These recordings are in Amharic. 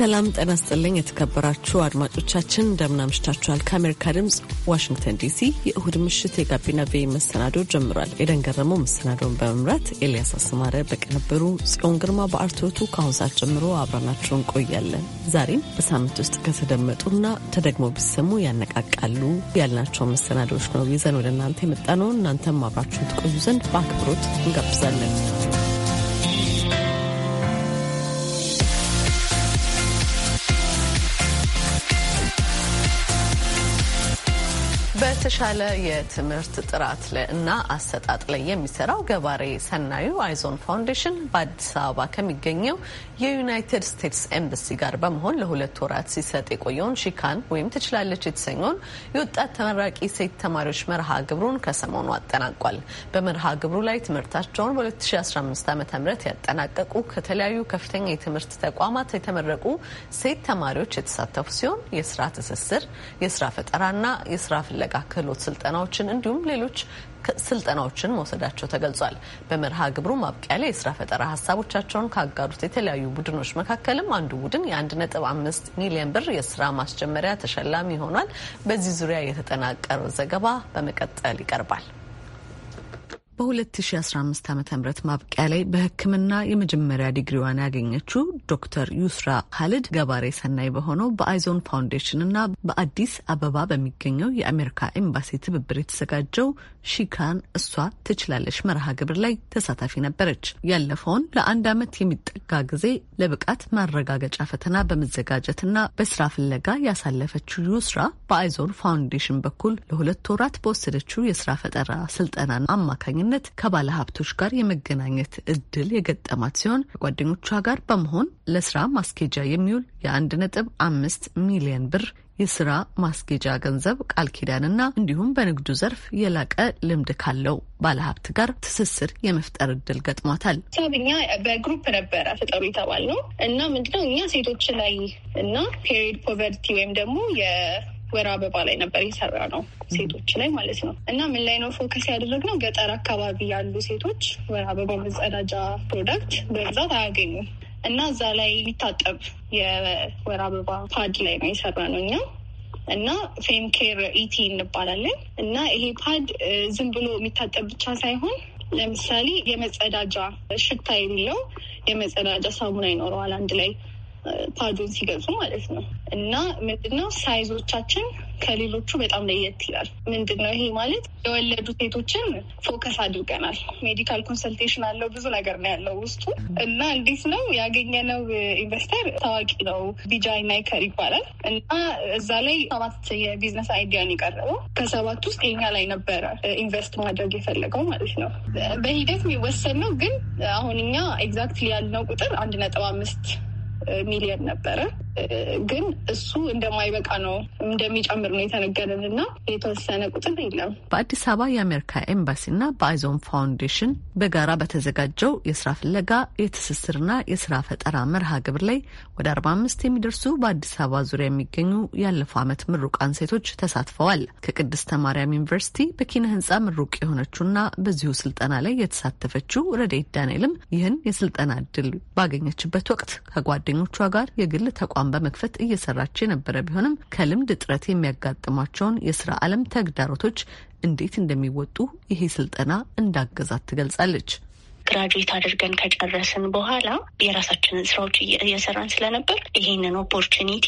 ሰላም ጤና ይስጥልኝ። የተከበራችሁ አድማጮቻችን እንደምን አምሽታችኋል? ከአሜሪካ ድምፅ ዋሽንግተን ዲሲ የእሁድ ምሽት የጋቢና ቤ መሰናዶ ጀምሯል። ኤደን ገረመው መሰናዶውን በመምራት ኤልያስ አስማረ በቅንብሩ፣ ጽዮን ግርማ በአርትዖቱ ከአሁን ሰዓት ጀምሮ አብረናችሁ እንቆያለን። ዛሬም በሳምንት ውስጥ ከተደመጡና ተደግሞ ቢሰሙ ያነቃቃሉ ያልናቸው መሰናዶዎች ነው ይዘን ወደ እናንተ የመጣነው። እናንተም አብራችሁን ትቆዩ ዘንድ በአክብሮት እንጋብዛለን። የተሻለ የትምህርት ጥራት እና አሰጣጥ ላይ የሚሰራው ገባሬ ሰናዩ አይዞን ፋውንዴሽን በአዲስ አበባ ከሚገኘው የዩናይትድ ስቴትስ ኤምበሲ ጋር በመሆን ለሁለት ወራት ሲሰጥ የቆየውን ሺካን ወይም ትችላለች የተሰኘውን የወጣት ተመራቂ ሴት ተማሪዎች መርሃ ግብሩን ከሰሞኑ አጠናቋል። በመርሃ ግብሩ ላይ ትምህርታቸውን በ2015 ዓ ም ያጠናቀቁ ከተለያዩ ከፍተኛ የትምህርት ተቋማት የተመረቁ ሴት ተማሪዎች የተሳተፉ ሲሆን የስራ ትስስር፣ የስራ ፈጠራና የስራ ፍለጋ የክህሎት ስልጠናዎችን እንዲሁም ሌሎች ስልጠናዎችን መውሰዳቸው ተገልጿል። በመርሃ ግብሩ ማብቂያ ላይ የስራ ፈጠራ ሀሳቦቻቸውን ካጋሩት የተለያዩ ቡድኖች መካከልም አንዱ ቡድን የአንድ ነጥብ አምስት ሚሊዮን ብር የስራ ማስጀመሪያ ተሸላሚ ሆኗል። በዚህ ዙሪያ የተጠናቀረው ዘገባ በመቀጠል ይቀርባል። በ2015 ዓ ም ማብቂያ ላይ በሕክምና የመጀመሪያ ዲግሪዋን ያገኘችው ዶክተር ዩስራ ካልድ ገባሬ ሰናይ በሆነው በአይዞን ፋውንዴሽን እና በአዲስ አበባ በሚገኘው የአሜሪካ ኤምባሲ ትብብር የተዘጋጀው ሺካን እሷ ትችላለች መርሃ ግብር ላይ ተሳታፊ ነበረች። ያለፈውን ለአንድ ዓመት የሚጠጋ ጊዜ ለብቃት ማረጋገጫ ፈተና በመዘጋጀትና በስራ ፍለጋ ያሳለፈችው ዩስራ በአይዞን ፋውንዴሽን በኩል ለሁለት ወራት በወሰደችው የስራ ፈጠራ ስልጠና አማካኝነት አማካኝነት ከባለ ሀብቶች ጋር የመገናኘት እድል የገጠማት ሲሆን ከጓደኞቿ ጋር በመሆን ለስራ ማስኬጃ የሚውል የአንድ ነጥብ አምስት ሚሊዮን ብር የስራ ማስጌጃ ገንዘብ ቃል ኪዳንና እንዲሁም በንግዱ ዘርፍ የላቀ ልምድ ካለው ባለሀብት ጋር ትስስር የመፍጠር እድል ገጥሟታል። ሳብኛ በግሩፕ ነበረ ፍጠሩ የተባል ነው እና ምንድነው እኛ ሴቶች ላይ እና ፔሪድ ፖቨርቲ ወይም ደግሞ ወር አበባ ላይ ነበር የሰራ ነው ሴቶች ላይ ማለት ነው። እና ምን ላይ ነው ፎከስ ነው? ገጠር አካባቢ ያሉ ሴቶች ወር አበባ መጸዳጃ ፕሮዳክት በብዛት አያገኙም እና እዛ ላይ የሚታጠብ የወር አበባ ፓድ ላይ ነው የሰራ ነው እኛ እና ፌም ኬር ኢቲ እንባላለን እና ይሄ ፓድ ዝም ብሎ የሚታጠብ ብቻ ሳይሆን ለምሳሌ የመጸዳጃ ሽታ የሌለው የመጸዳጃ ሳሙና ይኖረዋል አንድ ላይ ፓዱን ሲገልጹ ማለት ነው። እና ምንድነው ሳይዞቻችን ከሌሎቹ በጣም ለየት ይላል። ምንድነው ይሄ ማለት የወለዱ ሴቶችን ፎከስ አድርገናል። ሜዲካል ኮንሰልቴሽን አለው፣ ብዙ ነገር ነው ያለው ውስጡ። እና እንዴት ነው ያገኘነው? ኢንቨስተር ታዋቂ ነው፣ ቢጃይ ናይከር ይባላል። እና እዛ ላይ ሰባት የቢዝነስ አይዲያን የቀረበው ከሰባት ውስጥ የኛ ላይ ነበረ ኢንቨስት ማድረግ የፈለገው ማለት ነው። በሂደት የሚወሰን ነው፣ ግን አሁን እኛ ኤግዛክትሊ ያልነው ቁጥር አንድ ነጥብ አምስት ሚሊየን ነበረ። ግን እሱ እንደማይበቃ ነው እንደሚጨምር ነው የተነገረን እና የተወሰነ ቁጥር የለም። በአዲስ አበባ የአሜሪካ ኤምባሲና በአይዞን ፋውንዴሽን በጋራ በተዘጋጀው የስራ ፍለጋ የትስስርና የስራ ፈጠራ መርሃ ግብር ላይ ወደ አርባ አምስት የሚደርሱ በአዲስ አበባ ዙሪያ የሚገኙ ያለፈው ዓመት ምሩቃን ሴቶች ተሳትፈዋል። ከቅድስተ ማርያም ዩኒቨርሲቲ በኪነ ህንጻ ምሩቅ የሆነችውና በዚሁ ስልጠና ላይ የተሳተፈችው ረዴት ዳንኤልም ይህን የስልጠና እድል ባገኘችበት ወቅት ከጓደኞቿ ጋር የግል ተቋ ተቋም በመክፈት እየሰራች የነበረ ቢሆንም ከልምድ እጥረት የሚያጋጥሟቸውን የስራ ዓለም ተግዳሮቶች እንዴት እንደሚወጡ ይሄ ስልጠና እንዳገዛት ትገልጻለች። ግራጁዌት አድርገን ከጨረስን በኋላ የራሳችንን ስራዎች እየሰራን ስለነበር ይሄንን ኦፖርቹኒቲ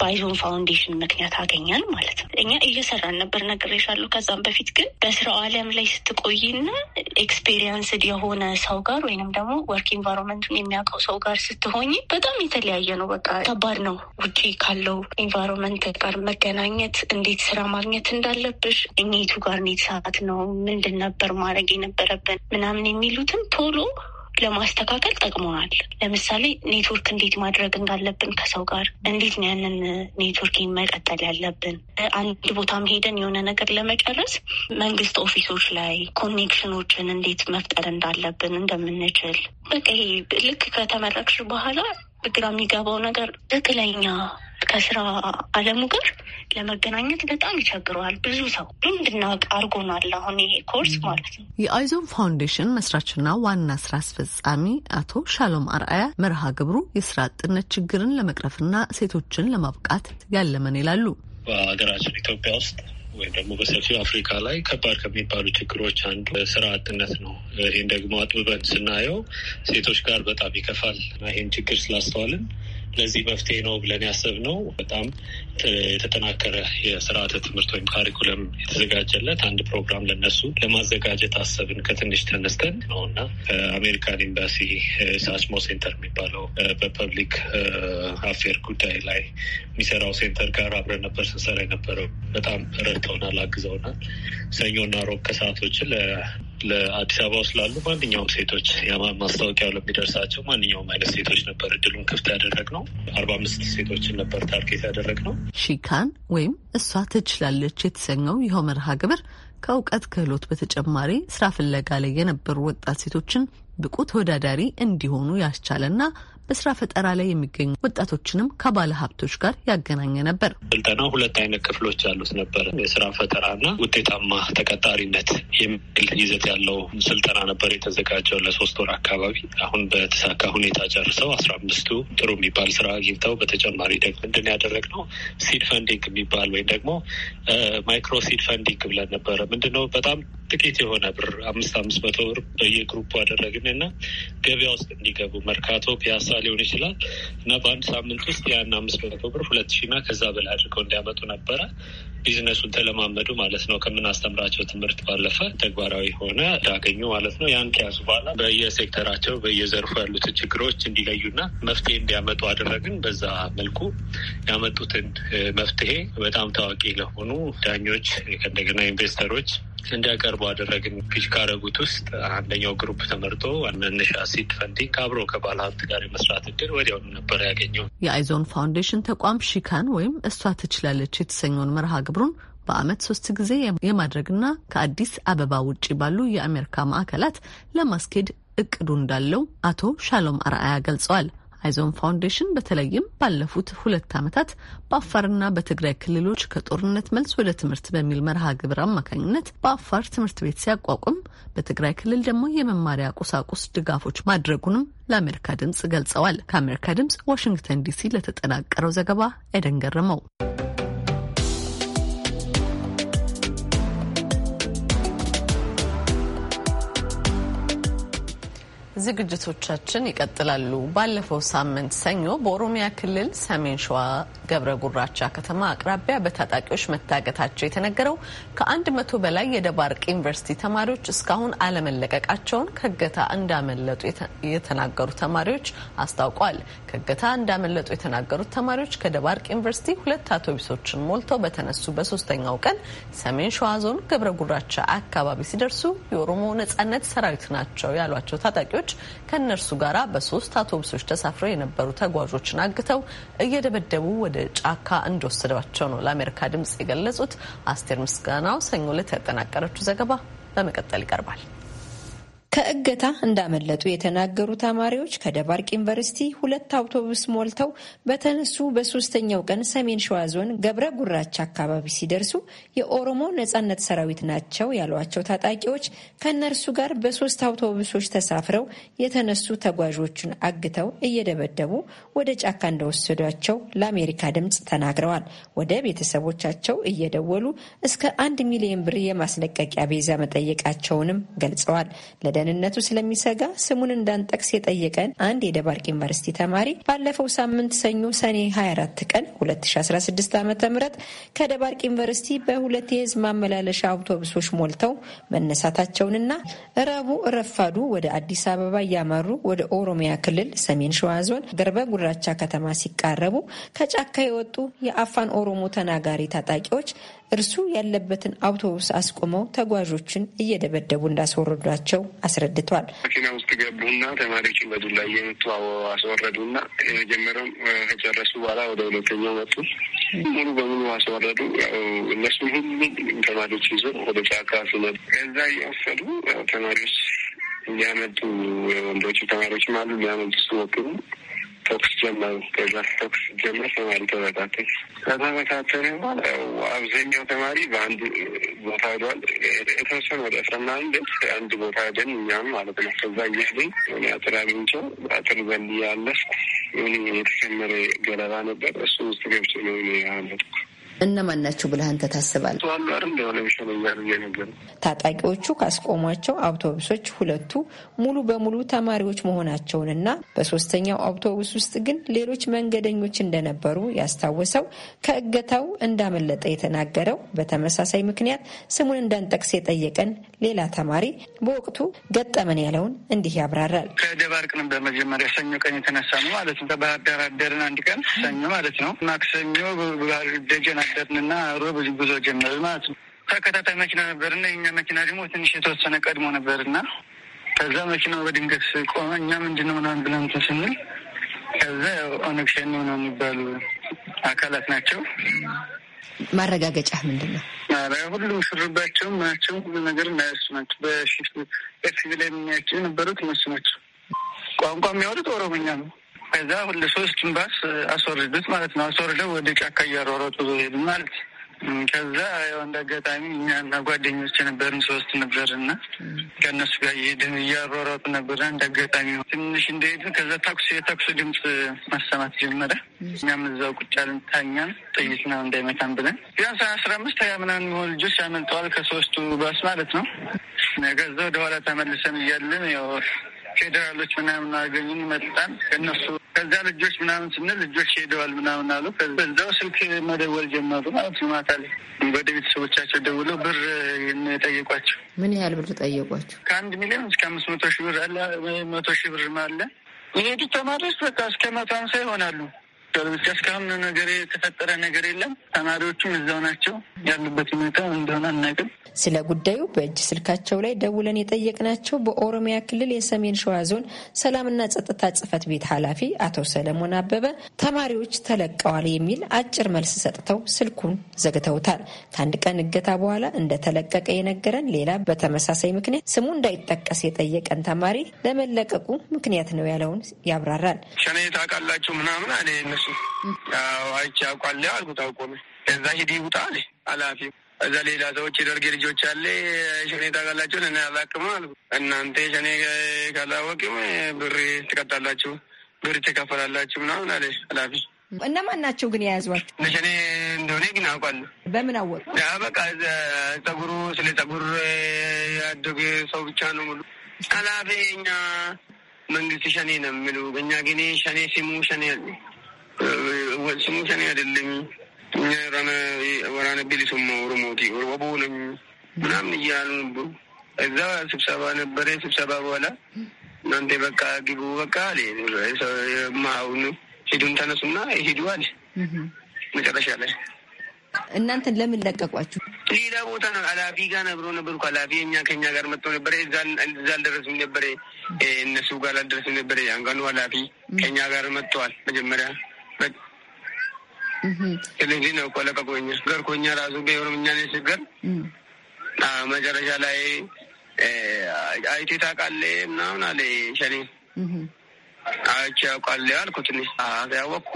ባይዞን ፋውንዴሽን ምክንያት አገኛል ማለት ነው። እኛ እየሰራን ነበር ነግሬሻለሁ። ከዛም በፊት ግን በስራው አለም ላይ ስትቆይና ኤክስፔሪየንስድ የሆነ ሰው ጋር ወይንም ደግሞ ወርክ ኢንቫይሮንመንቱን የሚያውቀው ሰው ጋር ስትሆኝ በጣም የተለያየ ነው። በቃ ከባድ ነው። ውጪ ካለው ኢንቫይሮንመንት ጋር መገናኘት፣ እንዴት ስራ ማግኘት እንዳለብሽ፣ እኔቱ ጋር ኔት ሰዓት ነው ምንድን ነበር ማድረግ የነበረብን ምናምን የሚሉትም ቶሎ ለማስተካከል ጠቅመዋል። ለምሳሌ ኔትወርክ እንዴት ማድረግ እንዳለብን ከሰው ጋር እንዴት ነው ያንን ኔትወርክ መቀጠል ያለብን። አንድ ቦታም ሄደን የሆነ ነገር ለመጨረስ መንግስት ኦፊሶች ላይ ኮኔክሽኖችን እንዴት መፍጠር እንዳለብን እንደምንችል በቃ ይሄ ልክ ከተመረቅሽ በኋላ ግራ የሚገባው ነገር ትክክለኛ ከስራ አለሙ ጋር ለመገናኘት በጣም ይቸግረዋል። ብዙ ሰው እንድናውቅ አድርጎናል። አሁን ይሄ ኮርስ ማለት ነው። የአይዞን ፋውንዴሽን መስራችና ዋና ስራ አስፈጻሚ አቶ ሻሎም አርአያ መርሃ ግብሩ የስራ አጥነት ችግርን ለመቅረፍና ሴቶችን ለማብቃት ያለመን ይላሉ። በሀገራችን ኢትዮጵያ ውስጥ ወይም ደግሞ በሰፊው አፍሪካ ላይ ከባድ ከሚባሉ ችግሮች አንዱ ስራ አጥነት ነው። ይህን ደግሞ አጥብበን ስናየው ሴቶች ጋር በጣም ይከፋል ይህን ችግር ስላስተዋልን ለዚህ መፍትሄ ነው ብለን ያሰብነው በጣም የተጠናከረ የስርዓተ ትምህርት ወይም ካሪኩለም የተዘጋጀለት አንድ ፕሮግራም ለነሱ ለማዘጋጀት አሰብን። ከትንሽ ተነስተን ነው እና አሜሪካን ኤምባሲ ሳችሞ ሴንተር የሚባለው በፐብሊክ አፌር ጉዳይ ላይ የሚሰራው ሴንተር ጋር አብረን ነበር ስንሰራ የነበረው። በጣም ረድተውናል፣ አግዘውናል። ሰኞና ሮብ ከሰዓቶች ለአዲስ አበባ ውስጥ ላሉ ማንኛውም ሴቶች ማስታወቂያው ለሚደርሳቸው ማንኛውም አይነት ሴቶች ነበር እድሉን ክፍት ያደረግ ነው። አርባ አምስት ሴቶችን ነበር ታርጌት ያደረግ ነው። ሺካን ወይም እሷ ትችላለች የተሰኘው ይኸው መርሃ ግብር ከእውቀት ክህሎት በተጨማሪ ስራ ፍለጋ ላይ የነበሩ ወጣት ሴቶችን ብቁ ተወዳዳሪ እንዲሆኑ ያስቻለና በስራ ፈጠራ ላይ የሚገኙ ወጣቶችንም ከባለ ሀብቶች ጋር ያገናኘ ነበር። ስልጠና ሁለት አይነት ክፍሎች ያሉት ነበር። የስራ ፈጠራና ውጤታማ ተቀጣሪነት የሚል ይዘት ያለው ስልጠና ነበር የተዘጋጀው ለሶስት ወር አካባቢ። አሁን በተሳካ ሁኔታ ጨርሰው አስራ አምስቱ ጥሩ የሚባል ስራ አግኝተው በተጨማሪ ደግሞ ምንድን ያደረግነው ሲድ ፈንዲንግ የሚባል ወይም ደግሞ ማይክሮ ሲድ ፈንዲንግ ብለን ነበረ። ምንድነው በጣም ጥቂት የሆነ ብር አምስት አምስት መቶ ብር በየግሩፑ አደረግን እና ገበያ ውስጥ እንዲገቡ መርካቶ፣ ፒያሳ፣ ሊሆን ይችላል እና በአንድ ሳምንት ውስጥ ያን አምስት መቶ ብር ሁለት ሺ እና ከዛ በላይ አድርገው እንዲያመጡ ነበረ። ቢዝነሱን ተለማመዱ ማለት ነው። ከምናስተምራቸው ትምህርት ባለፈ ተግባራዊ ሆነ እንዳገኙ ማለት ነው። ያን ከያዙ በኋላ በየሴክተራቸው በየዘርፉ ያሉትን ችግሮች እንዲለዩና መፍትሄ እንዲያመጡ አደረግን። በዛ መልኩ ያመጡትን መፍትሄ በጣም ታዋቂ ለሆኑ ዳኞች፣ ከእንደገና ኢንቨስተሮች እንዲያቀርቡ አደረግን። ፒች ካረጉት ውስጥ አንደኛው ግሩፕ ተመርጦ መነሻ ሲድ ፈንዲንግ አብሮ ከባለሀብት ሀብት ጋር የመስራት እድል ወዲያውኑ ነበር ያገኘው። የአይዞን ፋውንዴሽን ተቋም ሺካን ወይም እሷ ትችላለች የተሰኘውን መርሃ ግብሩን በአመት ሶስት ጊዜ የማድረግና ከአዲስ አበባ ውጭ ባሉ የአሜሪካ ማዕከላት ለማስኬድ እቅዱ እንዳለው አቶ ሻሎም አርአያ ገልጸዋል። አይዞን ፋውንዴሽን በተለይም ባለፉት ሁለት ዓመታት በአፋርና በትግራይ ክልሎች ከጦርነት መልስ ወደ ትምህርት በሚል መርሃ ግብር አማካኝነት በአፋር ትምህርት ቤት ሲያቋቁም በትግራይ ክልል ደግሞ የመማሪያ ቁሳቁስ ድጋፎች ማድረጉንም ለአሜሪካ ድምፅ ገልጸዋል። ከአሜሪካ ድምፅ ዋሽንግተን ዲሲ ለተጠናቀረው ዘገባ ኤደን ገረመው። ዝግጅቶቻችን ይቀጥላሉ። ባለፈው ሳምንት ሰኞ በኦሮሚያ ክልል ሰሜን ሸዋ ገብረ ጉራቻ ከተማ አቅራቢያ በታጣቂዎች መታገታቸው የተነገረው ከአንድ መቶ በላይ የደባርቅ ዩኒቨርሲቲ ተማሪዎች እስካሁን አለመለቀቃቸውን ከእገታ እንዳመለጡ የተናገሩ ተማሪዎች አስታውቋል። ከእገታ እንዳመለጡ የተናገሩት ተማሪዎች ከደባርቅ ዩኒቨርሲቲ ሁለት አውቶቡሶችን ሞልተው በተነሱ በሶስተኛው ቀን ሰሜን ሸዋ ዞን ገብረ ጉራቻ አካባቢ ሲደርሱ የኦሮሞ ነጻነት ሰራዊት ናቸው ያሏቸው ታጣቂዎች ከእነርሱ ጋር በሶስት አውቶቡሶች ተሳፍረው የነበሩ ተጓዦችን አግተው እየደበደቡ ወደ ጫካ እንደወሰዷቸው ነው ለአሜሪካ ድምጽ የገለጹት። አስቴር ምስጋናው ሰኞ ዕለት ያጠናቀረችው ዘገባ በመቀጠል ይቀርባል። ከእገታ እንዳመለጡ የተናገሩ ተማሪዎች ከደባርቅ ዩኒቨርሲቲ ሁለት አውቶቡስ ሞልተው በተነሱ በሶስተኛው ቀን ሰሜን ሸዋ ዞን ገብረ ጉራቻ አካባቢ ሲደርሱ የኦሮሞ ነጻነት ሰራዊት ናቸው ያሏቸው ታጣቂዎች ከእነርሱ ጋር በሶስት አውቶቡሶች ተሳፍረው የተነሱ ተጓዦቹን አግተው እየደበደቡ ወደ ጫካ እንደወሰዷቸው ለአሜሪካ ድምፅ ተናግረዋል። ወደ ቤተሰቦቻቸው እየደወሉ እስከ አንድ ሚሊዮን ብር የማስለቀቂያ ቤዛ መጠየቃቸውንም ገልጸዋል። ለደህንነቱ ስለሚሰጋ ስሙን እንዳንጠቅስ የጠየቀን አንድ የደባርቅ ዩኒቨርሲቲ ተማሪ ባለፈው ሳምንት ሰኞ ሰኔ 24 ቀን 2016 ዓ ም ከደባርቅ ዩኒቨርሲቲ በሁለት የህዝብ ማመላለሻ አውቶቡሶች ሞልተው መነሳታቸውንና ረቡ ረፋዱ ወደ አዲስ አበባ እያመሩ ወደ ኦሮሚያ ክልል ሰሜን ሸዋ ዞን ገርበ ጉራቻ ከተማ ሲቃረቡ ከጫካ የወጡ የአፋን ኦሮሞ ተናጋሪ ታጣቂዎች እርሱ ያለበትን አውቶቡስ አስቆመው ተጓዦችን እየደበደቡ እንዳስወረዷቸው አስረድቷል። መኪና ውስጥ ገቡና ተማሪዎችን በዱላ እየመቱ አስወረዱና የመጀመሪያውም ከጨረሱ በኋላ ወደ ሁለተኛው መጡ። ሙሉ በሙሉ አስወረዱ። እነሱ ሁሉም ተማሪዎች ይዞ ወደ ጫካ ሲመጡ ከዛ እያወሰዱ ተማሪዎች ሊያመጡ ወንዶቹ ተማሪዎችም አሉ ሊያመጡ ሲሞክሩ ተኩስ ጀመሩ። ከዛ ተኩስ ጀምሮ ተማሪ ተበታተነ። ከተበታተነ በኋላ ያው አብዛኛው ተማሪ በአንድ ቦታ ሄዷል። የተወሰነ ወደ አስራ ምናምን ደርስ አንድ ቦታ ሄደን እኛም ማለት ነው። ከዛ እያለኝ ሆነ አጥር አግኝቼው አጥር በል ያለፍኩ የሆነ የተከመረ ገለባ ነበር። እሱ ውስጥ ገብቼ ነው ያመጥኩ እነማን ናቸው ብለህ አንተ ታስባለህ? ታጣቂዎቹ ካስቆሟቸው አውቶቡሶች ሁለቱ ሙሉ በሙሉ ተማሪዎች መሆናቸውንና በሶስተኛው አውቶቡስ ውስጥ ግን ሌሎች መንገደኞች እንደነበሩ ያስታወሰው ከእገታው እንዳመለጠ የተናገረው በተመሳሳይ ምክንያት ስሙን እንዳንጠቅስ የጠየቀን ሌላ ተማሪ በወቅቱ ገጠመን ያለውን እንዲህ ያብራራል። ከደባርቅን በመጀመሪያ ሰኞ ቀን የተነሳ ነው ማለት ነው። ከባህር ዳር አደርን አንድ ቀን ሰኞ ማለት ነው። ማክሰኞ ደጀና ወሰድንና ሮብ ጉዞ ጀመር ማለት ነው። ተከታታይ መኪና ነበርና የኛ መኪና ደግሞ ትንሽ የተወሰነ ቀድሞ ነበርና ከዛ መኪናው በድንገት ቆመ። እኛ ምንድነው ምናምን ብለን እንትን ስንል ከዛ ኦነግ ሸኔ ነው የሚባሉ አካላት ናቸው። ማረጋገጫ ምንድን ነው? ሁሉ ሽርባቸውም ናቸው ሁሉ ነገር እናያሱ ናቸው። በፊት ላይ የምናያቸው የነበሩት እነሱ ናቸው። ቋንቋ የሚያወሩት ኦሮሞኛ ነው። ከዛ ሁለ ሶስት ባስ አስወርዱት ማለት ነው። አስወርደው ወደ ጫካ እያሯሯጡ ሄዱ ማለት ከዛ ያው እንደ አጋጣሚ እኛና ጓደኞች ነበርን ሶስት ነበር እና ከእነሱ ጋር እየሄድን እያሯሯጡ ነበረ። እንደ አጋጣሚ ትንሽ እንደሄድን ከዛ ተኩስ የተኩስ ድምፅ ማሰማት ጀመረ። እኛም እዛው ቁጭ አልን፣ ታኛን። ጥይት ነው እንዳይመታን ብለን ቢያንስ አስራ አምስት ሀያ ምናምን የሚሆኑ ልጆች ያመልጠዋል ከሶስቱ ባስ ማለት ነው። ከዛ ወደኋላ ተመልሰን እያለን ያው ፌዴራሎች ምናምን አገኙን መጣን ከነሱ ከዛ ልጆች ምናምን ስንል ልጆች ሄደዋል ምናምን አሉ። በዛው ስልክ መደወል ጀመሩ ማለት ማታ ላይ ወደ ቤተሰቦቻቸው ደውለው ብር የጠየቋቸው። ምን ያህል ብር ጠየቋቸው? ከአንድ ሚሊዮን እስከ አምስት መቶ ሺህ ብር አለ። መቶ ሺህ ብርም አለ። የሄዱት ተማሪዎች በቃ እስከ መቶ ሀምሳ ይሆናሉ። ተከፍቷል። ነገር የተፈጠረ ነገር የለም። ተማሪዎቹም እዛው ናቸው። ያሉበት ሁኔታ እንደሆነ አናውቅም። ስለ ጉዳዩ በእጅ ስልካቸው ላይ ደውለን የጠየቅናቸው በኦሮሚያ ክልል የሰሜን ሸዋ ዞን ሰላምና ጸጥታ ጽህፈት ቤት ኃላፊ አቶ ሰለሞን አበበ ተማሪዎች ተለቀዋል የሚል አጭር መልስ ሰጥተው ስልኩን ዘግተውታል። ከአንድ ቀን እገታ በኋላ እንደተለቀቀ የነገረን ሌላ በተመሳሳይ ምክንያት ስሙ እንዳይጠቀስ የጠየቀን ተማሪ ለመለቀቁ ምክንያት ነው ያለውን ያብራራል። ሸኔ ታውቃላችሁ ምናምን እሱ ያው አይቼ አውቋለሁ አልኩት። አውቆም ከዛ ሂድ ውጣ አለ አላፊ እዛ ሌላ ሰዎች የደርጌ ልጆች አለ ሸኔ ታውቃላችሁን? እና ያላቅም አልኩ እናንተ ሸኔ ካላወቅም ብር ትቀጣላችሁ፣ ብር ትከፈላላችሁ ምናምን አለ አላፊ። እነማን ናቸው ግን የያዟቸው? ሸኔ እንደሆነ ግን አውቃለሁ። በምን አወቅ? በቃ ጸጉሩ ስለ ጸጉር ያደገ ሰው ብቻ ነው ሙሉ ኃላፊ እኛ መንግስት ሸኔ ነው የሚሉ እኛ ግን ሸኔ ሲሙ ሸኔ አለ ስሙሰኔ አይደለም ወራነ ቢሊሱማ ኦሮሞቲ ኦሮቦ ነኝ ምናምን እያሉ ነበሩ። እዛ ስብሰባ ነበረ። ስብሰባ በኋላ እናንተ በቃ ግቡ በቃ አለ። ማሁን ሂዱን ተነሱና ሂዱ አለ። መጨረሻ ላይ እናንተን ለምን ለቀቋችሁ? ሌላ ቦታ ነው አላፊ ጋር ነብሮ ነበር እኮ እኛ ከኛ ጋር መጥቶ ነበረ። እዛ አልደረስም ነበረ፣ እነሱ ጋር አልደረስም ነበረ። አንጋኑ አላፊ ከኛ ጋር መጥተዋል መጀመሪያ ስለዚህ ነው ቆለቀ ኮኛ ስገር ኮኛ ራሱ በኦሮምኛ ነው ስገር መጨረሻ ላይ አይቴ ታውቃለህ ምናምን አለ ሸኔ አይቼ አውቃለሁ አልኩት። ያወቅኩ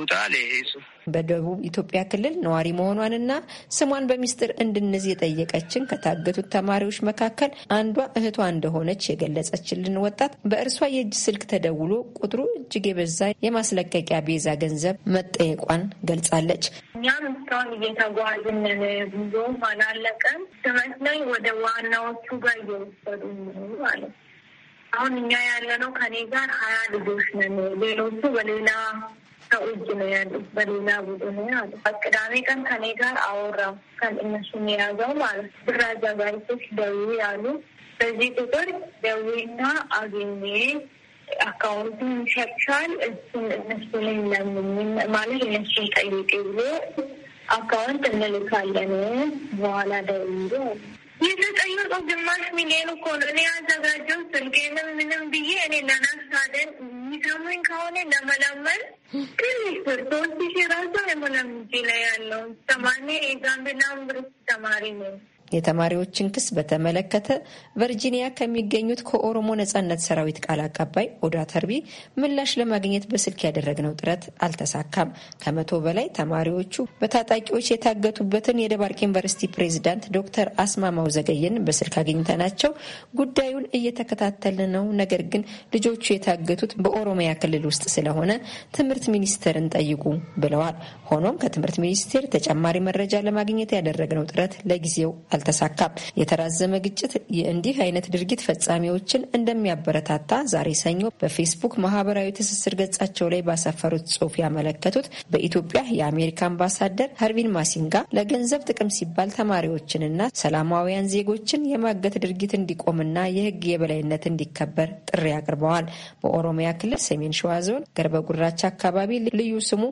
ውጣ አለ እሱ በደቡብ ኢትዮጵያ ክልል ነዋሪ መሆኗንና ስሟን በሚስጥር እንድንዝ የጠየቀችን ከታገቱት ተማሪዎች መካከል አንዷ እህቷ እንደሆነች የገለጸችልን ወጣት በእርሷ የእጅ ስልክ ተደውሎ ቁጥሩ እጅግ የበዛ የማስለቀቂያ ቤዛ ገንዘብ መጠየቋን ገልጻለች። እኛም እስካሁን እየተጓዝን ብዙም አላለቀም ስመስለኝ ወደ ዋናዎቹ ጋር እየወሰዱ ማለት አሁን እኛ ያለነው ከኔ ጋር ሀያ ልጆች ነን። ሌሎቹ በሌላ ከውጭ ነው ያሉ በሌላ ቡድን አለ። ቅዳሜ ቀን ከኔ ጋር ከን እነሱን የያዘው ማለት ብር አዘጋጅቶች ደዊ ያሉ በዚህ ቁጥር ደዊና አገኘ አካውንቱን ይሸርቻል እሱን እነሱን ለምኝ ማለት እነሱን ጠይቅ ብሎ አካውንት እንልካለን በኋላ ደዊ የተጠየቀው ግማሽ ሚሊዮን እኮ ነው። እኔ ያዘጋጀው ስልኬንም ምንም ብዬ እኔ ለናሳደን የሚሰሙኝ ከሆነ ለመለመን ¿Qué es si si es esto? la es esto? ¿Qué es esto? ¿Qué es የተማሪዎችን ክስ በተመለከተ ቨርጂኒያ ከሚገኙት ከኦሮሞ ነጻነት ሰራዊት ቃል አቀባይ ኦዳ ተርቢ ምላሽ ለማግኘት በስልክ ያደረግነው ጥረት አልተሳካም። ከመቶ በላይ ተማሪዎቹ በታጣቂዎች የታገቱበትን የደባርቅ ዩኒቨርሲቲ ፕሬዚዳንት ዶክተር አስማማው ዘገየን በስልክ አግኝተናቸው ጉዳዩን እየተከታተልን ነው፣ ነገር ግን ልጆቹ የታገቱት በኦሮሚያ ክልል ውስጥ ስለሆነ ትምህርት ሚኒስቴርን ጠይቁ ብለዋል። ሆኖም ከትምህርት ሚኒስቴር ተጨማሪ መረጃ ለማግኘት ያደረግነው ጥረት ለጊዜው አልተሳካም። የተራዘመ ግጭት የእንዲህ አይነት ድርጊት ፈጻሚዎችን እንደሚያበረታታ ዛሬ ሰኞ በፌስቡክ ማህበራዊ ትስስር ገጻቸው ላይ ባሰፈሩት ጽሑፍ ያመለከቱት በኢትዮጵያ የአሜሪካ አምባሳደር ሀርቪን ማሲንጋ ለገንዘብ ጥቅም ሲባል ተማሪዎችንና ሰላማዊያን ዜጎችን የማገት ድርጊት እንዲቆምና የህግ የበላይነት እንዲከበር ጥሪ አቅርበዋል። በኦሮሚያ ክልል ሰሜን ሸዋ ዞን ገርበ አካባቢ ልዩ ስሙ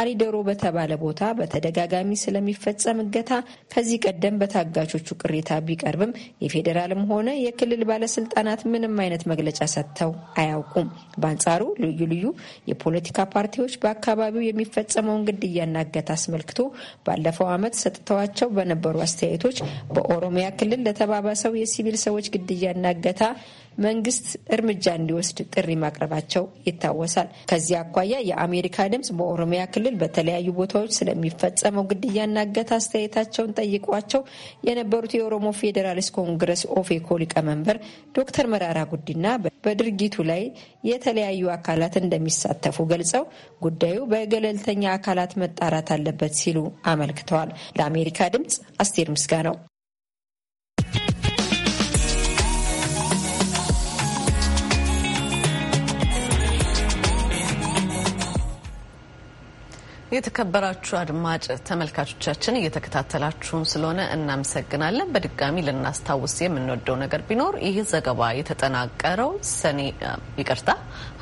አሪደሮ በተባለ ቦታ በተደጋጋሚ ስለሚፈጸም እገታ ከዚህ ቀደም በታጋቹ የተወላጆቹ ቅሬታ ቢቀርብም የፌዴራልም ሆነ የክልል ባለስልጣናት ምንም አይነት መግለጫ ሰጥተው አያውቁም። በአንጻሩ ልዩ ልዩ የፖለቲካ ፓርቲዎች በአካባቢው የሚፈጸመውን ግድያና እገታ አስመልክቶ ባለፈው ዓመት ሰጥተዋቸው በነበሩ አስተያየቶች በኦሮሚያ ክልል ለተባባሰው የሲቪል ሰዎች ግድያና እገታ መንግስት እርምጃ እንዲወስድ ጥሪ ማቅረባቸው ይታወሳል። ከዚህ አኳያ የአሜሪካ ድምፅ በኦሮሚያ ክልል በተለያዩ ቦታዎች ስለሚፈጸመው ግድያና እገታ አስተያየታቸውን ጠይቋቸው የነበሩት የኦሮሞ ፌዴራሊስት ኮንግረስ ኦፌኮ ሊቀመንበር ዶክተር መራራ ጉዲና በድርጊቱ ላይ የተለያዩ አካላት እንደሚሳተፉ ገልጸው ጉዳዩ በገለልተኛ አካላት መጣራት አለበት ሲሉ አመልክተዋል። ለአሜሪካ ድምፅ አስቴር ምስጋ ነው። የተከበራችሁ አድማጭ ተመልካቾቻችን እየተከታተላችሁን ስለሆነ እናመሰግናለን። በድጋሚ ልናስታውስ የምንወደው ነገር ቢኖር ይህ ዘገባ የተጠናቀረው ሰኔ ይቅርታ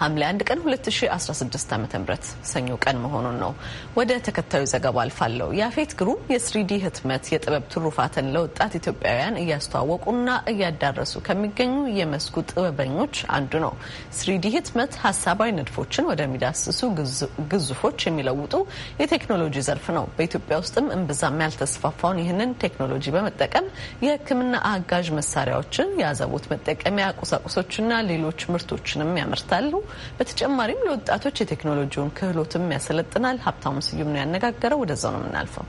ሐምሌ አንድ ቀን 2016 ዓ ም ሰኞ ቀን መሆኑን ነው። ወደ ተከታዩ ዘገባ አልፋለሁ። የአፌት ግሩም የስሪዲ ህትመት የጥበብ ትሩፋትን ለወጣት ኢትዮጵያውያን እያስተዋወቁና እያዳረሱ ከሚገኙ የመስኩ ጥበበኞች አንዱ ነው። ስሪዲ ህትመት ሀሳባዊ ንድፎችን ወደሚዳስሱ ግዙፎች የሚለውጡ የቴክኖሎጂ ዘርፍ ነው። በኢትዮጵያ ውስጥም እምብዛም ያልተስፋፋውን ይህንን ቴክኖሎጂ በመጠቀም የሕክምና አጋዥ መሳሪያዎችን፣ የአዘቦት መጠቀሚያ ቁሳቁሶችና ሌሎች ምርቶችንም ያመርታሉ። በተጨማሪም ለወጣቶች የቴክኖሎጂውን ክህሎትም ያሰለጥናል። ሀብታሙ ስዩም ነው ያነጋገረው። ወደዛው ነው የምናልፈው።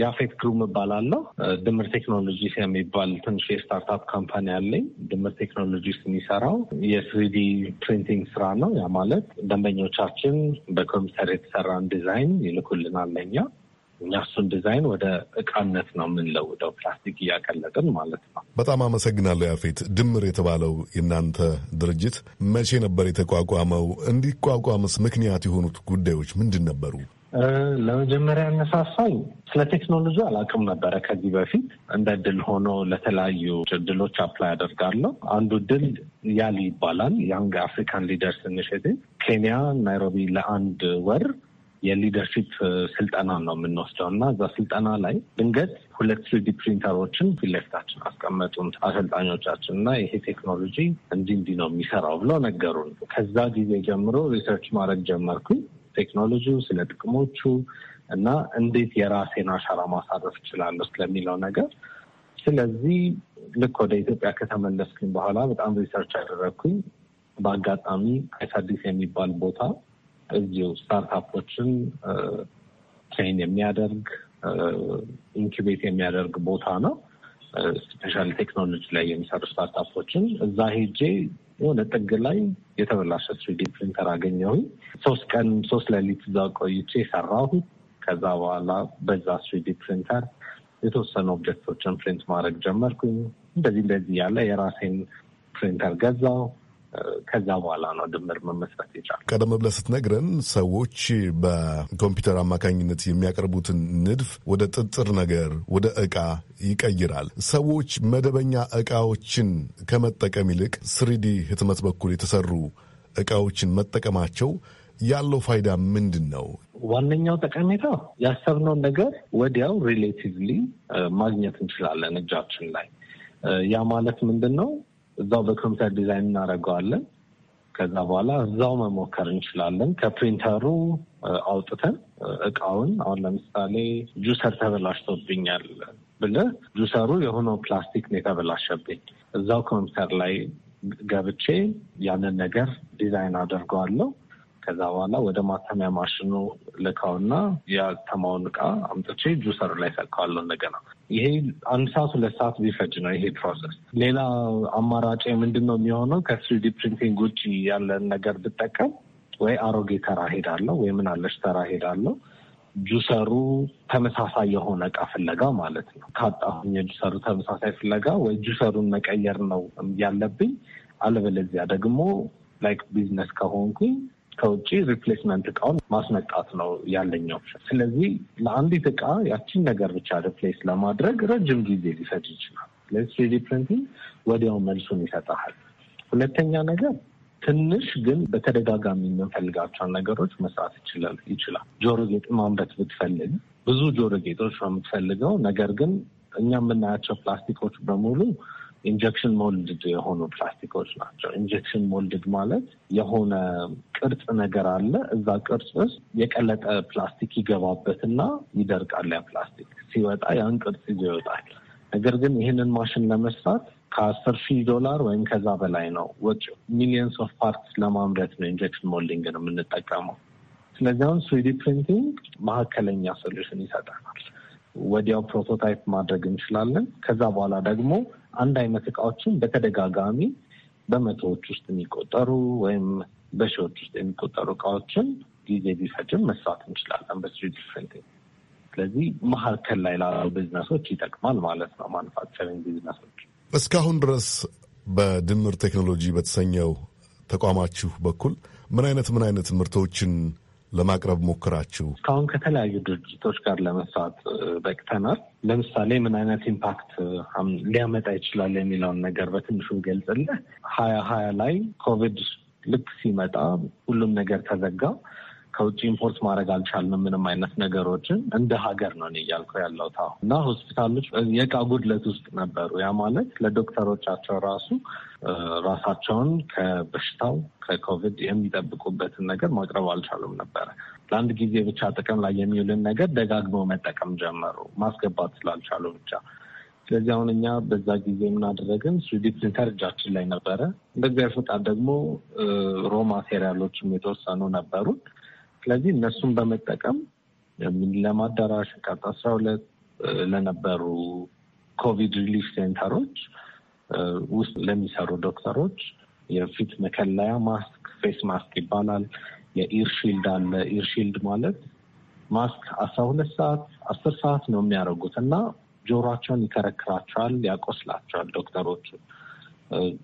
የአፌት ግሩም እባላለሁ። ድምር ቴክኖሎጂስ የሚባል ትንሽ የስታርታፕ ካምፓኒ አለኝ። ድምር ቴክኖሎጂስ የሚሰራው የስሪዲ ፕሪንቲንግ ስራ ነው። ያ ማለት ደንበኞቻችን በኮምፒውተር የተሰራን ዲዛይን ይልኩልናል ለኛ። እኛ እሱን ዲዛይን ወደ እቃነት ነው የምንለውደው፣ ፕላስቲክ እያቀለጥን ማለት ነው። በጣም አመሰግናለሁ ያፌት። ድምር የተባለው የእናንተ ድርጅት መቼ ነበር የተቋቋመው? እንዲቋቋምስ ምክንያት የሆኑት ጉዳዮች ምንድን ነበሩ? ለመጀመሪያ ያነሳሳኝ ስለ ቴክኖሎጂ አላውቅም ነበረ ከዚህ በፊት እንደ ድል ሆኖ ለተለያዩ ድሎች አፕላይ አደርጋለሁ። አንዱ ድል ያሊ ይባላል ያንግ አፍሪካን ሊደርስ ኢኒሽቲቭ ኬንያ ናይሮቢ ለአንድ ወር የሊደርሺፕ ስልጠና ነው የምንወስደው እና እዛ ስልጠና ላይ ድንገት ሁለት ስሪዲ ፕሪንተሮችን ፊት ለፊታችን አስቀመጡን አሰልጣኞቻችን እና ይሄ ቴክኖሎጂ እንዲህ እንዲህ ነው የሚሰራው ብለው ነገሩን። ከዛ ጊዜ ጀምሮ ሪሰርች ማድረግ ጀመርኩኝ። ቴክኖሎጂው፣ ስለ ጥቅሞቹ እና እንዴት የራሴን አሻራ ማሳረፍ እችላለሁ ስለሚለው ነገር። ስለዚህ ልክ ወደ ኢትዮጵያ ከተመለስኩኝ በኋላ በጣም ሪሰርች ያደረግኩኝ በአጋጣሚ አይስ አዲስ የሚባል ቦታ እዚሁ ስታርታፖችን ትሬን የሚያደርግ ኢንኩቤት የሚያደርግ ቦታ ነው። ስፔሻል ቴክኖሎጂ ላይ የሚሰሩ ስታርታፖችን እዛ ሄጄ የሆነ ጥግ ላይ የተበላሸ ስሪዲ ፕሪንተር አገኘሁኝ። ሶስት ቀን ሶስት ሌሊት እዛ ቆይቼ ሰራሁ። ከዛ በኋላ በዛ ስሪዲ ፕሪንተር የተወሰኑ ኦብጀክቶችን ፕሪንት ማድረግ ጀመርኩኝ። እንደዚህ እንደዚህ ያለ የራሴን ፕሪንተር ገዛው። ከዛ በኋላ ነው ድምር መመስረት ይቻል። ቀደም ብለህ ስትነግረን ሰዎች በኮምፒውተር አማካኝነት የሚያቀርቡትን ንድፍ ወደ ጥጥር ነገር ወደ እቃ ይቀይራል። ሰዎች መደበኛ እቃዎችን ከመጠቀም ይልቅ ስሪዲ ህትመት በኩል የተሰሩ እቃዎችን መጠቀማቸው ያለው ፋይዳ ምንድን ነው? ዋነኛው ጠቀሜታ ያሰብነውን ነገር ወዲያው ሪሌቲቭሊ ማግኘት እንችላለን እጃችን ላይ። ያ ማለት ምንድን ነው? እዛው በኮምፒውተር ዲዛይን እናደርገዋለን። ከዛ በኋላ እዛው መሞከር እንችላለን። ከፕሪንተሩ አውጥተን እቃውን አሁን ለምሳሌ ጁሰር ተበላሽቶብኛል ብለህ ጁሰሩ የሆነው ፕላስቲክ ነው የተበላሸብኝ። እዛው ኮምፒውተር ላይ ገብቼ ያንን ነገር ዲዛይን አደርገዋለሁ። ከዛ በኋላ ወደ ማተሚያ ማሽኑ ልካውና ያተማውን እቃ አምጥቼ ጁሰር ላይ ሰካዋለሁ። እንደገና ይሄ አንድ ሰዓት ሁለት ሰዓት ቢፈጅ ነው ይሄ ፕሮሰስ። ሌላ አማራጭ ምንድን ነው የሚሆነው? ከስሪዲ ፕሪንቲንግ ውጭ ያለን ነገር ብጠቀም ወይ አሮጌ ተራ ሄዳለሁ ወይ ምናለሽ ተራ ሄዳለሁ ጁሰሩ ተመሳሳይ የሆነ እቃ ፍለጋ ማለት ነው። ካጣሁኝ የጁሰሩ ተመሳሳይ ፍለጋ ወይ ጁሰሩን መቀየር ነው ያለብኝ። አለበለዚያ ደግሞ ላይክ ቢዝነስ ከሆንኩኝ ከውጭ ሪፕሌስመንት እቃውን ማስመጣት ነው ያለኛው። ስለዚህ ለአንዲት እቃ ያችን ነገር ብቻ ሪፕሌስ ለማድረግ ረጅም ጊዜ ሊሰድ ይችላል። ለስሪዲ ፕሪንቲንግ ወዲያው መልሱን ይሰጠሃል። ሁለተኛ ነገር ትንሽ ግን በተደጋጋሚ የምንፈልጋቸውን ነገሮች መስራት ይችላል ይችላል። ጆሮ ጌጥ ማምረት ብትፈልግ ብዙ ጆሮ ጌጦች ነው የምትፈልገው። ነገር ግን እኛ የምናያቸው ፕላስቲኮች በሙሉ ኢንጀክሽን ሞልድድ የሆኑ ፕላስቲኮች ናቸው። ኢንጀክሽን ሞልድድ ማለት የሆነ ቅርጽ ነገር አለ። እዛ ቅርጽ ውስጥ የቀለጠ ፕላስቲክ ይገባበትና ይደርቃል። ያ ፕላስቲክ ሲወጣ ያን ቅርጽ ይዞ ይወጣል። ነገር ግን ይህንን ማሽን ለመስራት ከአስር ሺህ ዶላር ወይም ከዛ በላይ ነው ወጪ። ሚሊየንስ ኦፍ ፓርትስ ለማምረት ነው ኢንጀክሽን ነው የምንጠቀመው። ስለዚህ አሁን ስዊዲ ፕሪንቲንግ መካከለኛ ሶሉሽን ይሰጠናል። ወዲያው ፕሮቶታይፕ ማድረግ እንችላለን። ከዛ በኋላ ደግሞ አንድ አይነት እቃዎችን በተደጋጋሚ በመቶዎች ውስጥ የሚቆጠሩ ወይም በሺዎች ውስጥ የሚቆጠሩ እቃዎችን ጊዜ ቢፈጅም መስራት እንችላለን በስሪዲ ፕሪንቲንግ። ስለዚህ መካከል ላይ ላሉ ቢዝነሶች ይጠቅማል ማለት ነው። ማኑፋክቸሪንግ ቢዝነሶች እስካሁን ድረስ በድምር ቴክኖሎጂ በተሰኘው ተቋማችሁ በኩል ምን አይነት ምን አይነት ምርቶችን ለማቅረብ ሞክራችሁ? እስካሁን ከተለያዩ ድርጅቶች ጋር ለመስራት በቅተናል። ለምሳሌ ምን አይነት ኢምፓክት ሊያመጣ ይችላል የሚለውን ነገር በትንሹ ገልጽልህ። ሀያ ሀያ ላይ ኮቪድ ልክ ሲመጣ ሁሉም ነገር ተዘጋ። ከውጭ ኢምፖርት ማድረግ አልቻልንም። ምንም አይነት ነገሮችን እንደ ሀገር ነው እያልኩ ያለው እና ሆስፒታሎች የእቃ ጉድለት ውስጥ ነበሩ። ያ ማለት ለዶክተሮቻቸው ራሱ ራሳቸውን ከበሽታው ከኮቪድ የሚጠብቁበትን ነገር ማቅረብ አልቻሉም ነበረ። ለአንድ ጊዜ ብቻ ጥቅም ላይ የሚውልን ነገር ደጋግመው መጠቀም ጀመሩ፣ ማስገባት ስላልቻሉ ብቻ። ስለዚህ አሁን እኛ በዛ ጊዜ የምናደረግን ስሪዲ ፕሪንተር እጃችን ላይ ነበረ። እንደ እግዚአብሔር ፈቃድ ደግሞ ሮ ማቴሪያሎችም የተወሰኑ ነበሩ። ስለዚህ እነሱን በመጠቀም ለማዳራሽ ቀጥ አስራ ሁለት ለነበሩ ኮቪድ ሪሊፍ ሴንተሮች ውስጥ ለሚሰሩ ዶክተሮች የፊት መከለያ ማስክ ፌስ ማስክ ይባላል። የኢርሺልድ አለ። ኢርሺልድ ማለት ማስክ አስራ ሁለት ሰዓት አስር ሰዓት ነው የሚያደርጉት እና ጆሯቸውን ይከረክራቸዋል፣ ያቆስላቸዋል ዶክተሮቹ።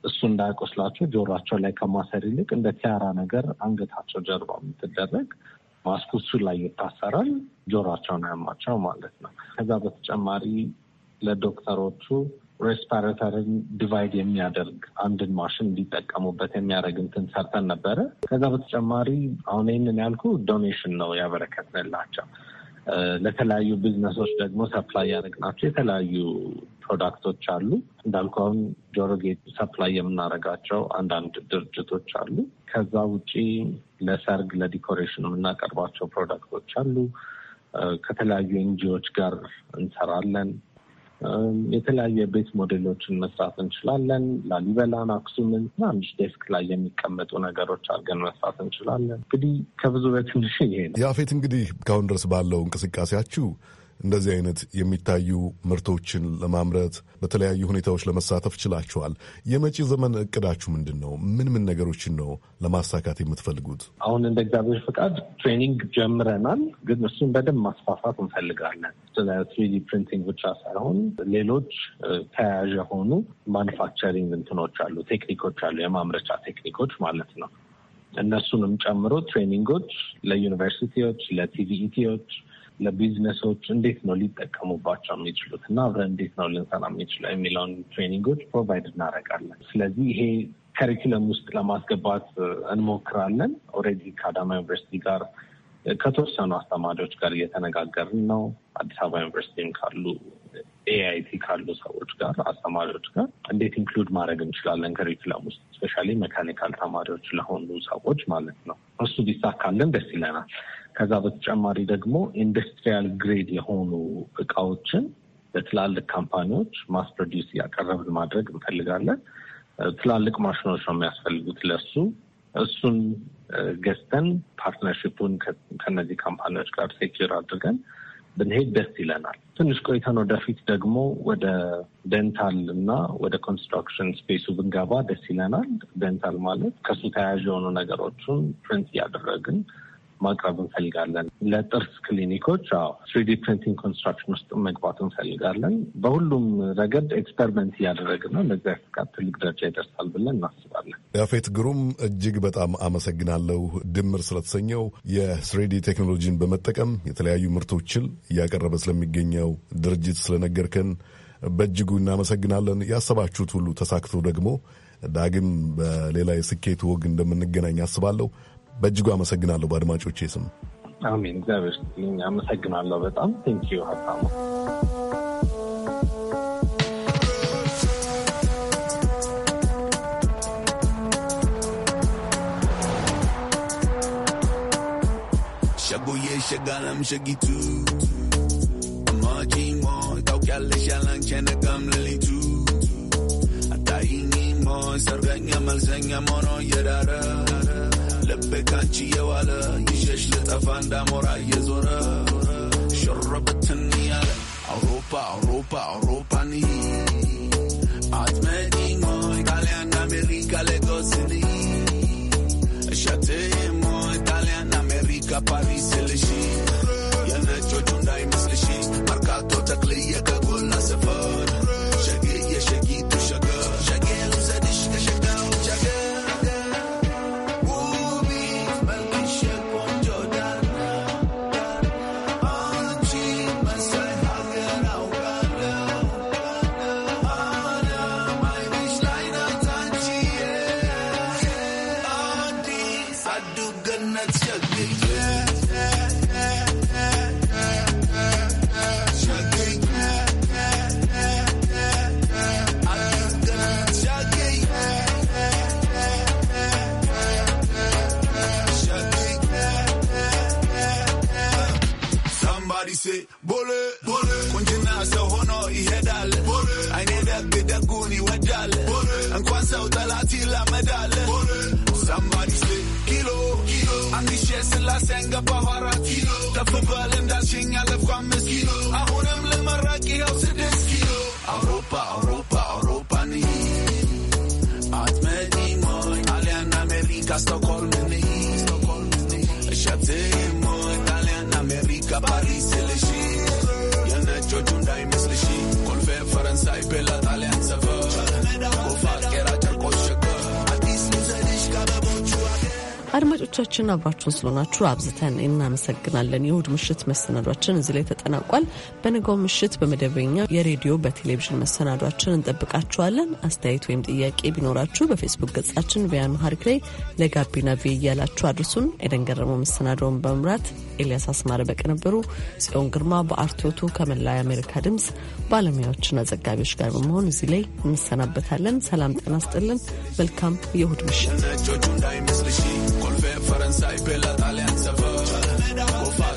እሱ እንዳያቆስላቸው ጆሯቸው ላይ ከማሰር ይልቅ እንደ ቲያራ ነገር አንገታቸው ጀርባ የምትደረግ ማስኩ እሱ ላይ ይታሰራል፣ ጆሯቸውን አያማቸው ማለት ነው። ከዛ በተጨማሪ ለዶክተሮቹ ሬስፓራተርን ዲቫይድ የሚያደርግ አንድን ማሽን እንዲጠቀሙበት የሚያደርግ እንትን ሰርተን ነበረ። ከዛ በተጨማሪ አሁን ይህንን ያልኩ ዶኔሽን ነው ያበረከትንላቸው። ለተለያዩ ቢዝነሶች ደግሞ ሰፕላይ ያደረግናቸው የተለያዩ ፕሮዳክቶች አሉ። እንዳልኩ አሁን ጆሮጌት ሰፕላይ የምናደርጋቸው አንዳንድ ድርጅቶች አሉ። ከዛ ውጪ ለሰርግ ለዲኮሬሽን የምናቀርባቸው ፕሮዳክቶች አሉ። ከተለያዩ ኤንጂዎች ጋር እንሰራለን። የተለያየ ቤት ሞዴሎችን መስራት እንችላለን። ላሊበላን፣ አክሱምን ትናንሽ ዴስክ ላይ የሚቀመጡ ነገሮች አድርገን መስራት እንችላለን። እንግዲህ ከብዙ በትንሽ ይሄ ነው። ያፌት፣ እንግዲህ እስካሁን ድረስ ባለው እንቅስቃሴያችሁ እንደዚህ አይነት የሚታዩ ምርቶችን ለማምረት በተለያዩ ሁኔታዎች ለመሳተፍ ችላችኋል። የመጪ ዘመን እቅዳችሁ ምንድን ነው? ምን ምን ነገሮችን ነው ለማሳካት የምትፈልጉት? አሁን እንደ እግዚአብሔር ፈቃድ ትሬኒንግ ጀምረናል፣ ግን እሱን በደንብ ማስፋፋት እንፈልጋለን። ስለ ትሪዲ ፕሪንቲንግ ብቻ ሳይሆን ሌሎች ተያያዥ የሆኑ ማኑፋክቸሪንግ እንትኖች አሉ፣ ቴክኒኮች አሉ፣ የማምረቻ ቴክኒኮች ማለት ነው። እነሱንም ጨምሮ ትሬኒንጎች ለዩኒቨርሲቲዎች፣ ለቲቪኢቲዎች ለቢዝነሶች እንዴት ነው ሊጠቀሙባቸው የሚችሉት እና አብረን እንዴት ነው ልንሰራ የሚችለው የሚለውን ትሬኒንጎች ፕሮቫይድ እናደርጋለን። ስለዚህ ይሄ ከሪኩለም ውስጥ ለማስገባት እንሞክራለን። ኦልሬዲ ከአዳማ ዩኒቨርሲቲ ጋር ከተወሰኑ አስተማሪዎች ጋር እየተነጋገርን ነው። አዲስ አበባ ዩኒቨርሲቲም ካሉ ኤአይቲ ካሉ ሰዎች ጋር አስተማሪዎች ጋር እንዴት ኢንክሉድ ማድረግ እንችላለን ከሪኩለም ውስጥ ስፔሻሊ መካኒካል ተማሪዎች ለሆኑ ሰዎች ማለት ነው። እሱ ቢሳካልን ደስ ይለናል። ከዛ በተጨማሪ ደግሞ ኢንዱስትሪያል ግሬድ የሆኑ እቃዎችን ለትላልቅ ካምፓኒዎች ማስ ፕሮዲውስ እያቀረብን ማድረግ እንፈልጋለን። ትላልቅ ማሽኖች ነው የሚያስፈልጉት ለሱ። እሱን ገዝተን ፓርትነርሽፑን ከነዚህ ካምፓኒዎች ጋር ሴኪር አድርገን ብንሄድ ደስ ይለናል። ትንሽ ቆይተን ወደፊት ደግሞ ወደ ደንታል እና ወደ ኮንስትራክሽን ስፔሱ ብንገባ ደስ ይለናል። ደንታል ማለት ከሱ ተያያዥ የሆኑ ነገሮችን ፕሪንት እያደረግን ማቅረብ እንፈልጋለን። ለጥርስ ክሊኒኮች ትሪዲ ፕሪንቲንግ ኮንስትራክሽን ውስጥ መግባት እንፈልጋለን። በሁሉም ረገድ ኤክስፐሪመንት እያደረግን ነው። ለዚያ ፍቃድ ትልቅ ደረጃ ይደርሳል ብለን እናስባለን። ያፌት ግሩም፣ እጅግ በጣም አመሰግናለሁ። ድምር ስለተሰኘው የትሪዲ ቴክኖሎጂን በመጠቀም የተለያዩ ምርቶችን እያቀረበ ስለሚገኘው ድርጅት ስለነገርከን በእጅጉ እናመሰግናለን። ያሰባችሁት ሁሉ ተሳክቶ ደግሞ ዳግም በሌላ የስኬት ወግ እንደምንገናኝ አስባለሁ። በእጅጉ አመሰግናለሁ በአድማጮቼ ስም። አሜን። እግዚአብሔር ይስጥልኝ። አመሰግናለሁ በጣም ቴንኪዩ ሀሳቡ Shabuye shagalam shagitu Amaji mo Taukale shalang chena gam lilitu Ataini mo Sarganya malzanya mono yadara ጠፋ እንዳሞራ እየዞረ ሸረበትን ያለ አውሮፓ አውሮፓ አውሮፓኒ አትመጪም ወይ ጣሊያን አሜሪካ ሌጎስኒ እሸትም ወይ ጣሊያን አሜሪካ ፓሪስ ልሽ ቦሌ ቦሌ ቁንጅና ሰው ሆኖ ይሄዳል። አይኔ ደግ ደጉን ይወዳል። እንኳን ሰው ጠላት ይላመዳል። ሳምባዲ ኪሎ አንድ ሺ ስላሴ እንገባሁ አራት ኪሎ ከፍ በል እንዳልሽኝ አለፍኩ አምስት ኪሎ አሁንም ልመራቅ ይኸው ስድስት ኪሎ አውሮፓ አውሮፓ አውሮፓ ኒ አትመዲሞኝ ጣሊያን አሜሪካ ስቶኮልሞ pelada. አድማጮቻችን አብራችሁን ስለሆናችሁ አብዝተን እናመሰግናለን። የእሁድ ምሽት መሰናዷችን እዚህ ላይ ተጠናቋል። በንጋው ምሽት በመደበኛ የሬዲዮ በቴሌቪዥን መሰናዷችን እንጠብቃችኋለን። አስተያየት ወይም ጥያቄ ቢኖራችሁ በፌስቡክ ገጻችን ቪያን ማሀሪክ ላይ ለጋቢና ቪ እያላችሁ አድርሱን። ኤደን ገረመው መሰናዶውን በመምራት ኤልያስ አስማረ በቅንብሩ፣ ጽዮን ግርማ በአርቶቱ ከመላ የአሜሪካ ድምፅ ባለሙያዎችና ዘጋቢዎች ጋር በመሆን እዚህ ላይ እንሰናበታለን። ሰላም ጤና ስጥልን። መልካም የእሁድ ምሽት ፈረንሳይ በላ ጣሊያን ሰፈር